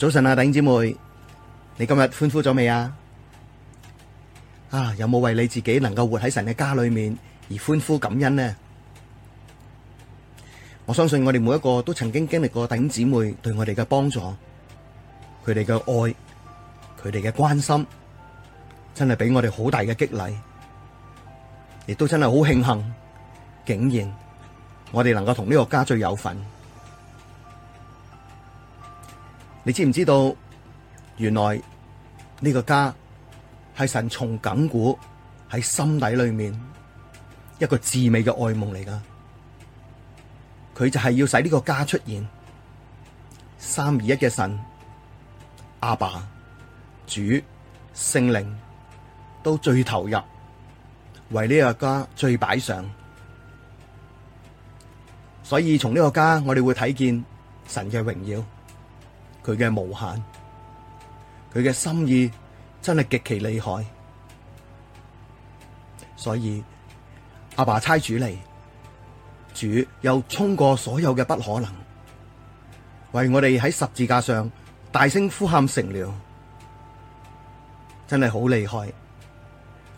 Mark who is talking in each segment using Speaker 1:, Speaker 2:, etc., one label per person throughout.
Speaker 1: 早晨啊，弟兄姊妹，你今日歡呼咗未啊？啊，有冇為你自己能夠活喺神嘅家裏面而歡呼感恩呢？我相信我哋每一個都曾經經歷過弟兄姊妹對我哋嘅幫助，佢哋嘅愛，佢哋嘅關心，真係俾我哋好大嘅激勵，亦都真係好慶幸，竟然我哋能夠同呢個家最有份。你知唔知道？原來呢個家係神從亙古喺心底裏面一個至美嘅愛夢嚟㗎，佢就係要使呢個家出現。三而一嘅神、阿爸、主、聖靈都最投入為呢個家最擺上，所以從呢個家我哋會睇見神嘅榮耀。佢嘅無限，佢嘅心意真係極其厲害，所以阿爸差主嚟，主又衝過所有嘅不可能，為我哋喺十字架上大聲呼喊成了，真係好厲害，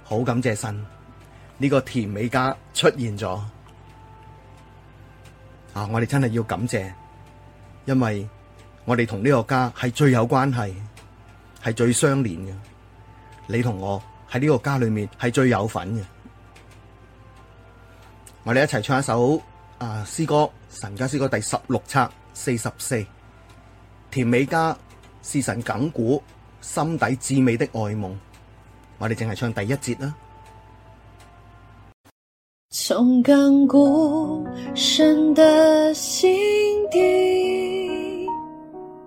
Speaker 1: 好感謝神，呢個甜美家出現咗，啊！我哋真係要感謝，因為，我哋同呢個家係最有關係，係最相連嘅。你同我喺呢個家裏面係最有份嘅。我哋一齊唱一首啊詩歌《神家詩歌》第十六冊四十四，甜美家是神亙古，心底至美的愛夢。我哋淨係唱第一節啦。
Speaker 2: 從亙古神的心底。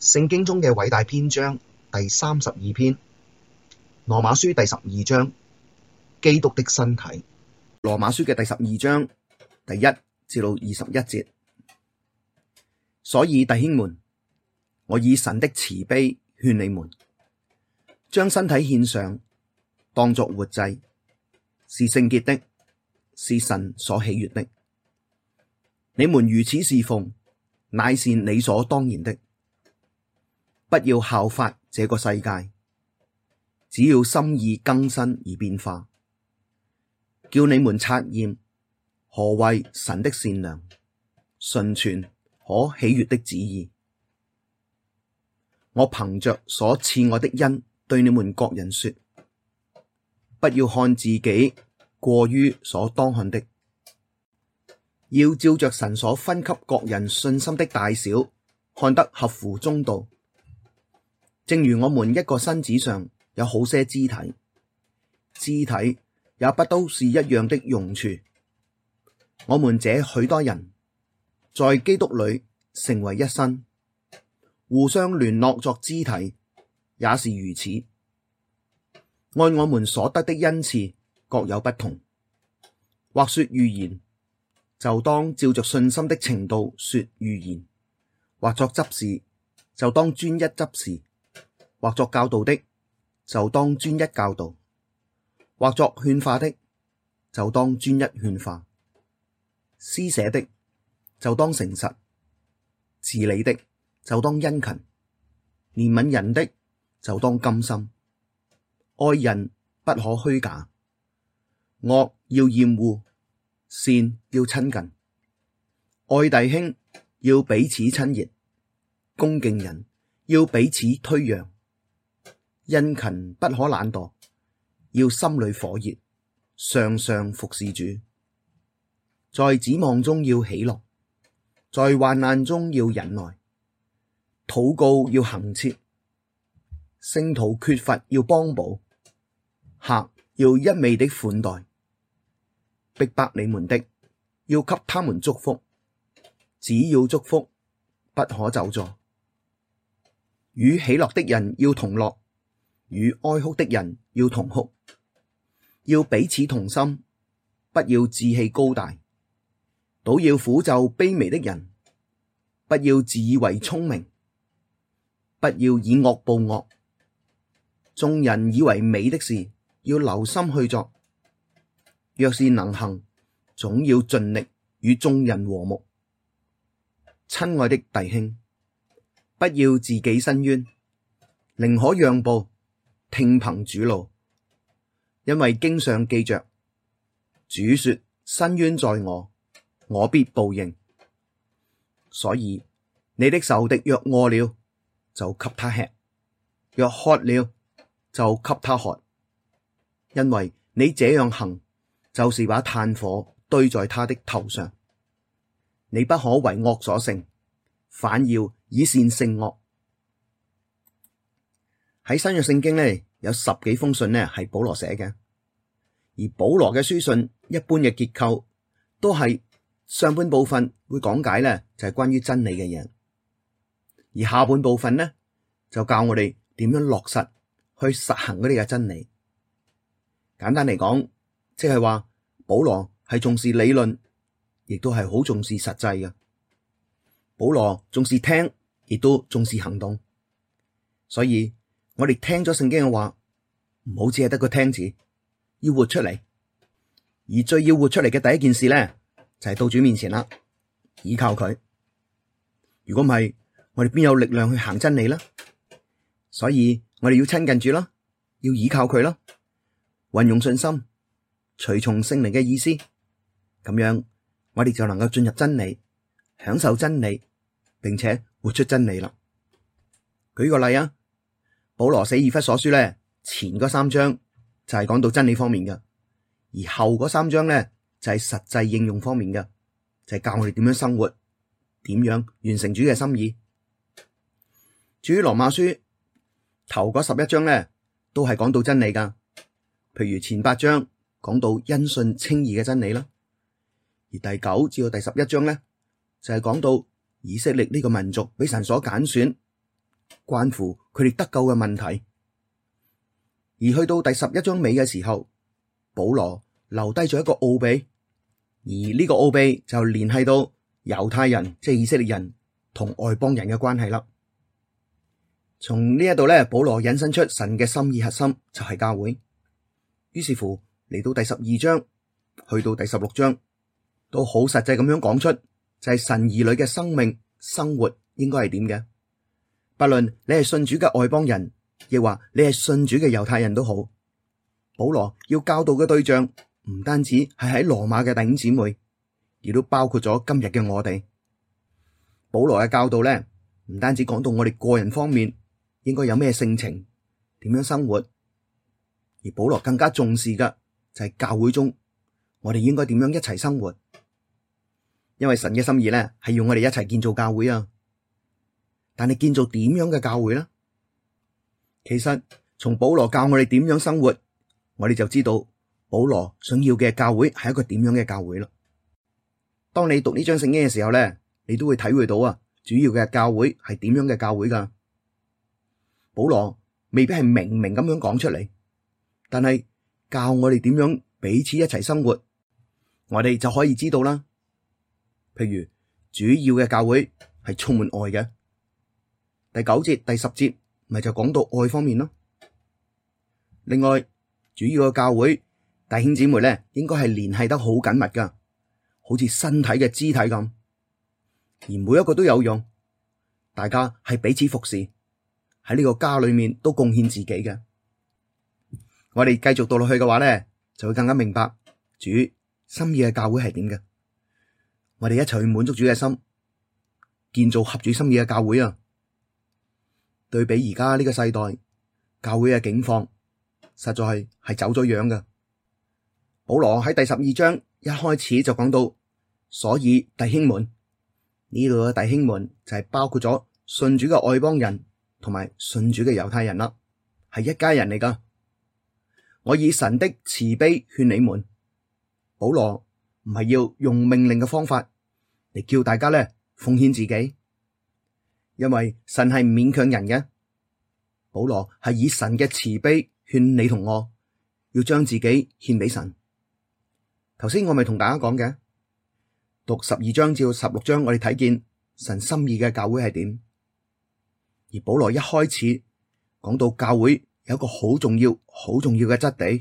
Speaker 1: 聖經中嘅偉大篇章第三十二篇《羅馬書》第十二章基督的身體。羅馬書嘅第十二章第一至到二十一節。所以弟兄們，我以神的慈悲勸你們，將身體獻上，當作活祭，是聖潔的，是神所喜悦的。你們如此事奉，乃是理所當然的。不要效法這個世界，只要心意更新而變化，叫你們察驗何為神的善良、純全、可喜悦的旨意。我憑着所賜我的恩，對你們各人說：不要看自己過於所當看的，要照着神所分給各人信心的大小，看得合乎中道。正如我們一個身子上有好些肢體，肢體也不都是一樣的用處。我們這許多人，在基督裡成為一身，互相聯絡作肢體，也是如此。按我們所得的恩賜各有不同，或說預言，就當照着信心的程度說預言；或作執事，就當專一執事。或作教導的，就當專一教導；或作勸化的，就當專一勸化；施捨的就當誠實；治理的就當殷勤；憐憫人的就當甘心；愛人不可虛假，惡要厭惡，善要親近；愛弟兄要彼此親熱，恭敬人要彼此推讓。殷勤不可懶惰，要心裡火熱，常常服事主。在指望中要喜樂，在患難中要忍耐，禱告要恆切，聖徒缺乏要幫補，客要一味的款待，逼迫你們的要給他們祝福，只要祝福，不可咒詛。與喜樂的人要同樂。與哀哭的人要同哭，要彼此同心，不要志氣高大；倒要俯就卑微的人，不要自以為聰明，不要以惡報惡。眾人以為美的事，要留心去作；若是能行，總要盡力與眾人和睦。親愛的弟兄，不要自己伸冤，寧可讓步。聽憑主怒，因為經上記着主說：伸冤在我，我必報應。所以你的仇敵若餓了，就給他吃；若渴了，就給他喝。因為你這樣行，就是把炭火堆在他的頭上。你不可為惡所勝，反要以善勝惡。喺新約聖經咧，有十幾封信咧係保羅寫嘅，而保羅嘅書信一般嘅結構都係上半部分會講解咧就係關於真理嘅嘢，而下半部分咧就教我哋點樣落實去實行嗰啲嘅真理。簡單嚟講，即係話保羅係重視理論，亦都係好重視實際嘅。保羅重視聽，亦都重視行動，所以，我哋聽咗聖經嘅話，唔好只係得個聽字，要活出嚟。而最要活出嚟嘅第一件事咧，就係到主面前啦，依靠佢。如果唔係，我哋邊有力量去行真理咧？所以我哋要親近主啦，要依靠佢啦，運用信心，隨從聖靈嘅意思，咁樣我哋就能夠進入真理，享受真理，並且活出真理啦。舉個例啊！保羅死以弗所書咧，前嗰三章就係講到真理方面嘅，而後嗰三章咧就係、是、實際應用方面嘅，就係、是、教我哋點樣生活，點樣完成主嘅心意。至於羅馬書頭嗰十一章咧，都係講到真理噶，譬如前八章講到因信稱義嘅真理啦，而第九至到第十一章咧就係、是、講到以色列呢個民族俾神所揀選。關乎佢哋得救嘅問題，而去到第十一章尾嘅時候，保羅留低咗一個奧秘，而呢個奧秘就聯繫到猶太人，即係以色列人同外邦人嘅關係啦。從呢一度咧，保羅引申出神嘅心意核心就係教會。於是乎，嚟到第十二章，去到第十六章，都好實際咁樣講出，就係神兒女嘅生命生活應該係點嘅。不論你係信主嘅外邦人，亦或你係信主嘅猶太人都好，保羅要教導嘅對象唔單止係喺羅馬嘅弟兄姊妹，而都包括咗今日嘅我哋。保羅嘅教導咧，唔單止講到我哋個人方面應該有咩性情，點樣生活，而保羅更加重視嘅就係教會中我哋應該點樣一齊生活，因為神嘅心意咧係要我哋一齊建造教會啊。但係建造點樣嘅教會咧？其實從保羅教我哋點樣生活，我哋就知道保羅想要嘅教會係一個點樣嘅教會啦。當你讀呢張聖經嘅時候咧，你都會體會到啊，主要嘅教會係點樣嘅教會㗎。保羅未必係明明咁樣講出嚟，但係教我哋點樣彼此一齊生活，我哋就可以知道啦。譬如主要嘅教會係充滿愛嘅。第九節、第十節，咪就講到愛方面咯。另外，主要嘅教會弟兄姊妹咧，應該係聯繫得好緊密噶，好似身體嘅肢體咁，而每一個都有用，大家係彼此服侍，喺呢個家裏面都貢獻自己嘅。我哋繼續讀落去嘅話咧，就會更加明白主心意嘅教會係點嘅。我哋一齊去滿足主嘅心，建造合主心意嘅教會啊！對比而家呢個世代，教會嘅境況實在係走咗樣嘅。保羅喺第十二章一開始就講到，所以弟兄們，呢度嘅弟兄們就係包括咗信主嘅外邦人同埋信主嘅猶太人啦，係一家人嚟噶。我以神的慈悲勸你們，保羅唔係要用命令嘅方法嚟叫大家咧奉獻自己。因為神係唔勉強人嘅，保羅係以神嘅慈悲勸你同我，要將自己獻俾神。頭先我咪同大家講嘅，讀十二章至十六章，我哋睇見神心意嘅教會係點。而保羅一開始講到教會有一個好重要、好重要嘅質地，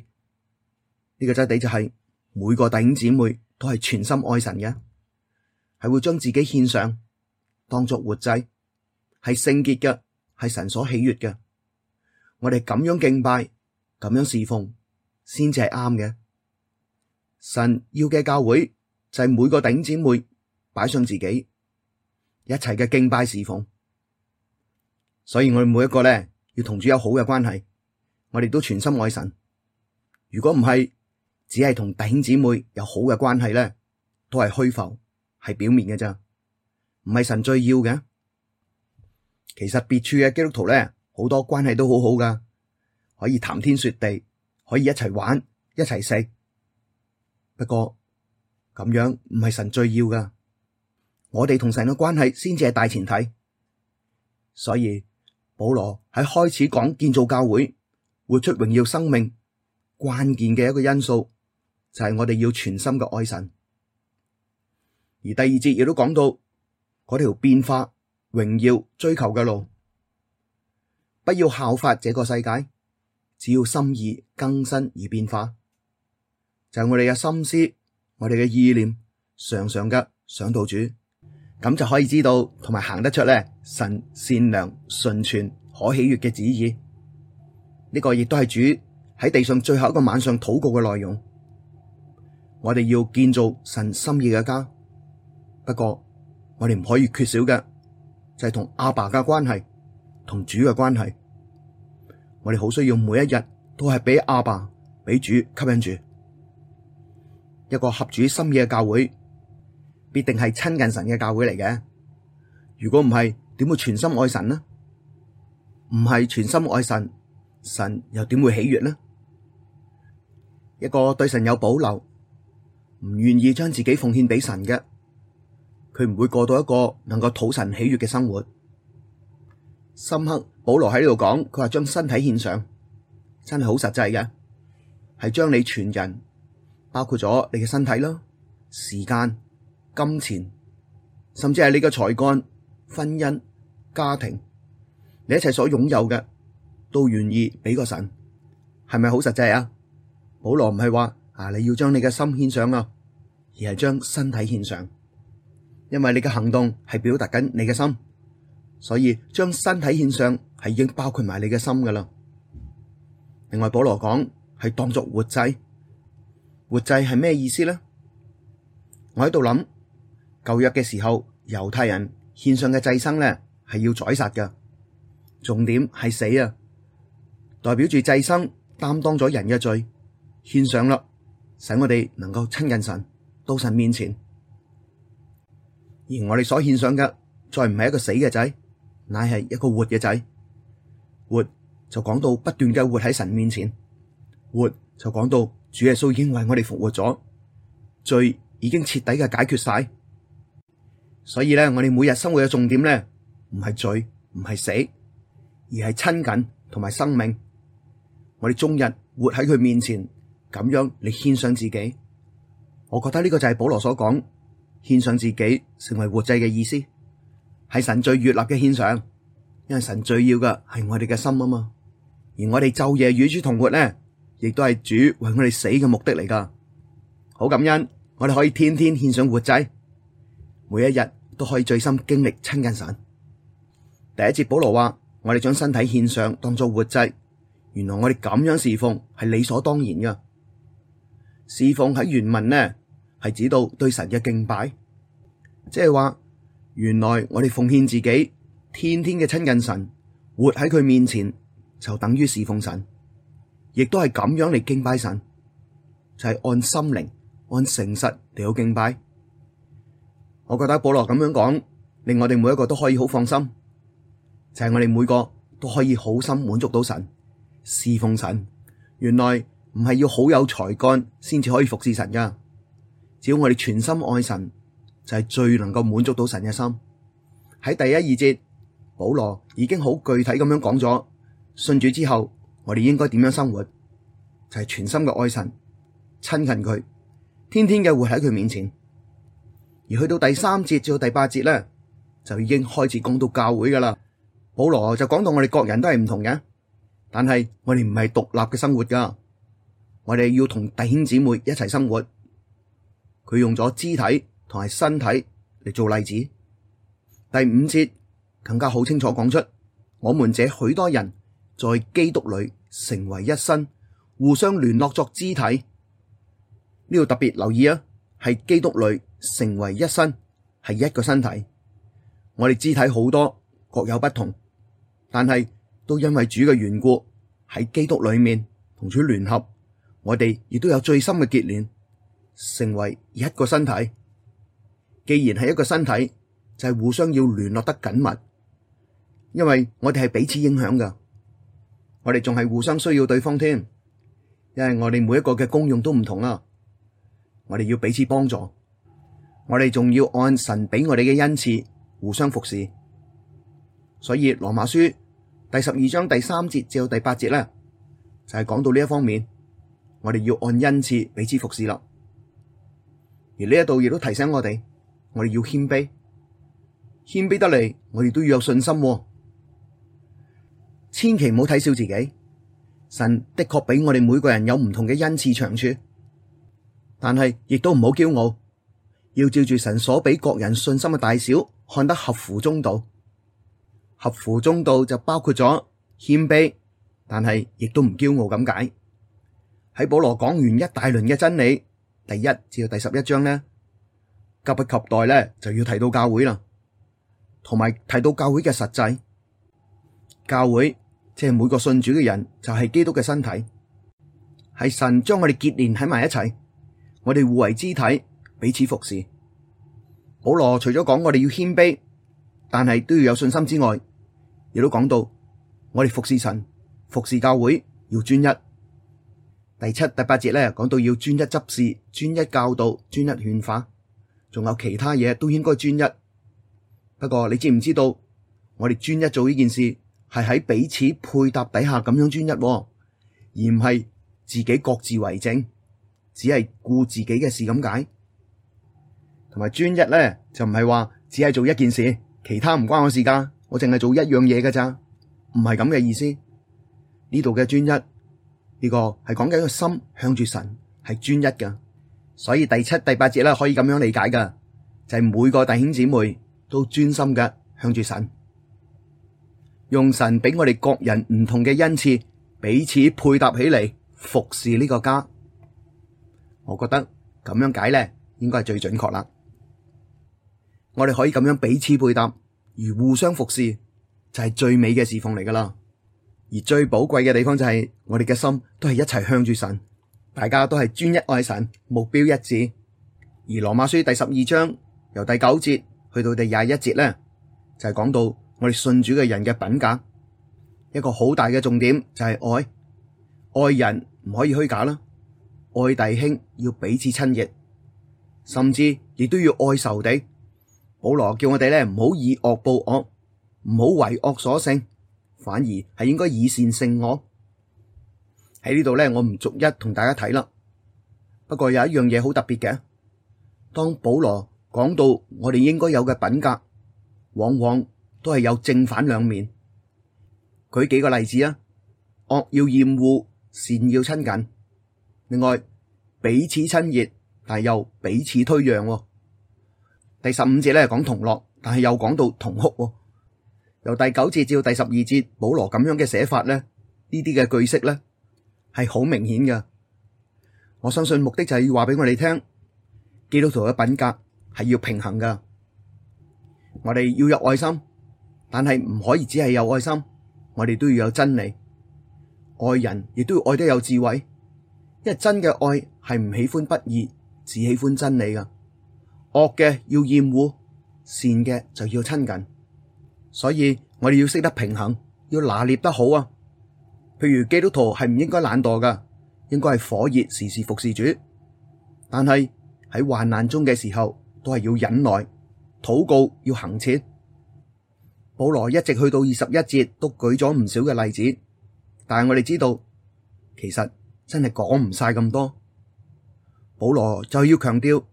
Speaker 1: 呢個質地就係每個弟兄姊妹都係全心愛神嘅，係會將自己獻上，當作活祭。係聖潔嘅，係神所喜悅嘅。我哋咁樣敬拜，咁樣侍奉，先至係啱嘅。神要嘅教會就係、是、每個頂姊妹擺上自己，一齊嘅敬拜侍奉。所以我哋每一個咧，要同主有好嘅關係。我哋都全心愛神。如果唔係，只係同頂姊妹有好嘅關係咧，都係虛浮，係表面嘅咋，唔係神最要嘅。其實別處嘅基督徒咧，好多關係都好好噶，可以談天說地，可以一齊玩，一齊食。不過咁樣唔係神最要噶，我哋同神嘅關係先至係大前提。所以保羅喺開始講建造教會、活出榮耀生命關鍵嘅一個因素，就係我哋要全心嘅愛神。而第二節亦都講到嗰條變化。榮耀追求嘅路，不要效法這個世界，只要心意更新而變化，就係、我哋嘅心思，我哋嘅意念，常常嘅想到主，咁就可以知道同埋行得出咧神善良、純全、可喜悦嘅旨意。呢、這個亦都係主喺地上最後一個晚上禱告嘅內容。我哋要建造神心意嘅家，不過我哋唔可以缺少嘅。就係同阿爸嘅關係，同主嘅關係，我哋好需要每一日都係俾阿爸俾主吸引住，一個合主心意嘅教會，必定係親近神嘅教會嚟嘅。如果唔係，點會全心愛神呢？唔係全心愛神，神又點會喜悅呢？一個對神有保留，唔願意將自己奉獻俾神嘅。佢唔會過到一個能夠討神喜悅嘅生活。深刻，保羅喺呢度講，佢話將身體獻上，真係好實際嘅，係將你全人，包括咗你嘅身體啦、時間、金錢，甚至係你嘅才幹、婚姻、家庭，你一切所擁有嘅，都願意俾個神，係咪好實際啊？保羅唔係話啊你要將你嘅心獻上啊，而係將身體獻上。因為你嘅行動係表達緊你嘅心，所以將身體獻上係已經包括埋你嘅心噶啦。另外保羅講係當作活祭，活祭係咩意思呢？我喺度諗，舊約嘅時候，猶太人獻上嘅祭牲咧係要宰殺嘅，重點係死啊，代表住祭牲擔當咗人嘅罪，獻上啦，使我哋能夠親近神，到神面前。而我哋所獻上嘅，再唔係一個死嘅祭，乃係一個活嘅祭。活就講到不斷嘅活喺神面前，活就講到主耶穌已經為我哋復活咗，罪已經徹底嘅解決晒。所以咧，我哋每日生活嘅重點咧，唔係罪，唔係死，而係親近同埋生命。我哋終日活喺佢面前，咁樣嚟獻上自己。我覺得呢個就係保羅所講。獻上自己成為活祭嘅意思，係神最悦納嘅獻上，因為神最要嘅係我哋嘅心啊嘛。而我哋晝夜與主同活呢，亦都係主為我哋死嘅目的嚟噶。好感恩，我哋可以天天獻上活祭，每一日都可以最深經歷親近神。第一節保羅話：我哋將身體獻上當做活祭，原來我哋咁樣侍奉係理所當然噶。侍奉喺原文呢？係指導對神嘅敬拜，即係話，原來我哋奉獻自己，天天嘅親近神，活喺佢面前，就等於侍奉神，亦都係咁樣嚟敬拜神，就係、是、按心靈、按誠實嚟去敬拜。我覺得保羅咁樣講，令我哋每、就是、每一個都可以好放心，就係我哋每個都可以好心滿足到神，侍奉神。原來唔係要好有才幹先至可以服侍神噶。只要我哋全心愛神，就係最能夠滿足到神嘅心。喺第一二節，保羅已經好具體咁樣講咗，信主之後我哋應該點樣生活，就係全心嘅愛神，親近佢，天天嘅活喺佢面前。而去到第三節至到第八節咧，就已經開始講到教會噶啦。保羅就講到我哋各人都係唔同嘅，但係我哋唔係獨立嘅生活噶，我哋要同弟兄姊妹一齊生活。佢用咗肢體同埋身體嚟做例子。第五節更加好清楚講出，我們這許多人，在基督裡成為一身，互相聯絡作肢體。呢度特別留意啊，係基督裡成為一身，係一個身體。我哋肢體好多各有不同，但係都因為主嘅緣故喺基督裡面同主聯合，我哋亦都有最深嘅結連。成為一個身體，既然係一個身體，就係、是、互相要聯絡得緊密，因為我哋係彼此影響噶，我哋仲係互相需要對方添，因為我哋每一個嘅功用都唔同啦，我哋要彼此幫助，我哋仲要按神俾我哋嘅恩賜互相服侍。所以羅馬書第十二章第三節至到第八節咧，就係、是、講到呢一方面，我哋要按恩賜彼此服侍啦。而呢一度亦都提醒我哋，我哋要謙卑，謙卑得嚟，我哋都要有信心，千祈唔好睇小自己。神的確俾我哋每個人有唔同嘅恩賜長處，但係亦都唔好驕傲，要照住神所俾各人信心嘅大小，看得合乎中道。合乎中道就包括咗謙卑，但係亦都唔驕傲咁解。喺保羅講完一大輪嘅真理。第一至到第十一章呢，急不及待咧就要提到教會啦，同埋提到教會嘅實際，教會即係每個信主嘅人就係基督嘅身體，係神將我哋結連喺埋一齊，我哋互為肢體，彼此服侍。保羅除咗講我哋要謙卑，但係都要有信心之外，亦都講到我哋服侍神、服侍教會要專一。第七、第八節咧講到要專一執事、專一教導、專一勸化，仲有其他嘢都應該專一。不過你知唔知道，我哋專一做呢件事，係喺彼此配搭底下咁樣專一啊，而唔係自己各自為政，只係顧自己嘅事咁解。同埋專一咧，就唔係話只係做一件事，其他唔關我的事噶，我淨係做一樣嘢噶咋，唔係咁嘅意思。呢度嘅專一。呢個係講緊個心向住神係專一嘅，所以第七、第八節咧可以咁樣理解嘅，就係每個弟兄姊妹都專心嘅向住神，用神俾我哋各人唔同嘅恩賜，彼此配搭起嚟服侍呢個家。我覺得咁樣解咧，應該係最準確啦。我哋可以咁樣彼此配搭，而互相服侍，就係最美嘅侍奉嚟噶啦。而最寶貴嘅地方就係、是、我哋嘅心都係一齊向住神，大家都係專一愛神，目標一致。而羅馬書第十二章由第九節去到第廿一節咧，就係、是、講到我哋信主嘅人嘅品格，一個好大嘅重點就係愛，愛人唔可以虛假啦，愛弟兄要彼此親熱，甚至亦都要愛仇敵。保羅叫我哋咧唔好以惡報惡，唔好為惡所勝。反而係應該以善勝惡。喺呢度咧，我唔逐一同大家睇啦。不過有一樣嘢好特別嘅，當保羅講到我哋應該有嘅品格，往往都係有正反兩面。舉幾個例子啊，惡要厭惡，善要親近。另外彼此親熱，但係又彼此推讓。第十五節咧講同樂，但係又講到同哭。由第九節至到第十二節，保羅咁樣嘅寫法呢，呢啲嘅句式呢，係好明顯嘅。我相信目的就係要話俾我哋聽，基督徒嘅品格係要平衡噶。我哋要有愛心，但係唔可以只係有愛心，我哋都要有真理。愛人亦都要愛得有智慧，因為真嘅愛係唔喜歡不義，只喜歡真理噶。惡嘅要厭惡，善嘅就要親近。所以我哋要識得平衡，要拿捏得好啊！譬如基督徒係唔應該懶惰嘅，應該係火熱，時時服事主。但係喺患難中嘅時候，都係要忍耐、禱告、要恆切。保羅一直去到二十一節，都舉咗唔少嘅例子。但係我哋知道，其實真係講唔晒咁多。保羅就要強調，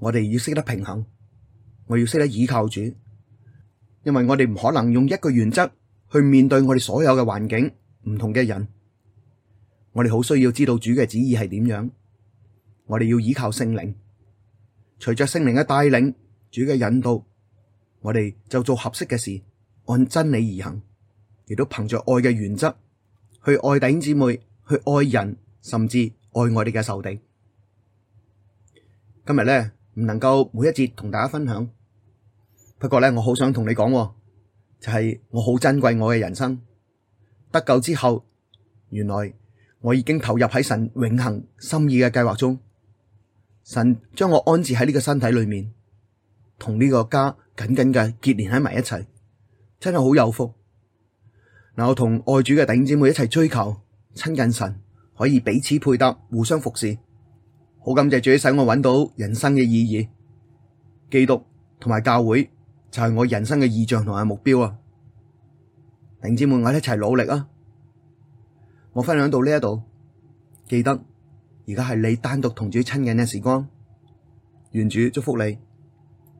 Speaker 1: 我哋要識得平衡，我要識得倚靠主。因為我哋唔可能用一個原則去面對我哋所有嘅環境，唔同嘅人，我哋好需要知道主嘅旨意係點樣，我哋要依靠聖靈，隨着聖靈嘅帶領、主嘅引導，我哋就做合適嘅事，按真理而行，亦都憑着愛嘅原則去愛弟兄姊妹，去愛人，甚至愛我哋嘅仇敵。今日咧唔能夠每一節同大家分享。不過咧，我好想同你講，就係、是、我好珍貴我嘅人生。得救之後，原來我已經投入喺神永恒心意嘅計劃中。神將我安置喺呢個身體裏面，同呢個家緊緊嘅結連喺埋一齊，真係好有福。嗱，我同愛主嘅弟兄姊妹一齊追求親近神，可以彼此配搭，互相服侍。好感謝主，使我搵到人生嘅意義，基督同埋教會。就係我人生嘅意象同埋目標啊！弟兄姊妹，我哋一齊努力啊！我分享到呢一度，記得而家係你單獨同主親近嘅時光，願主祝福你。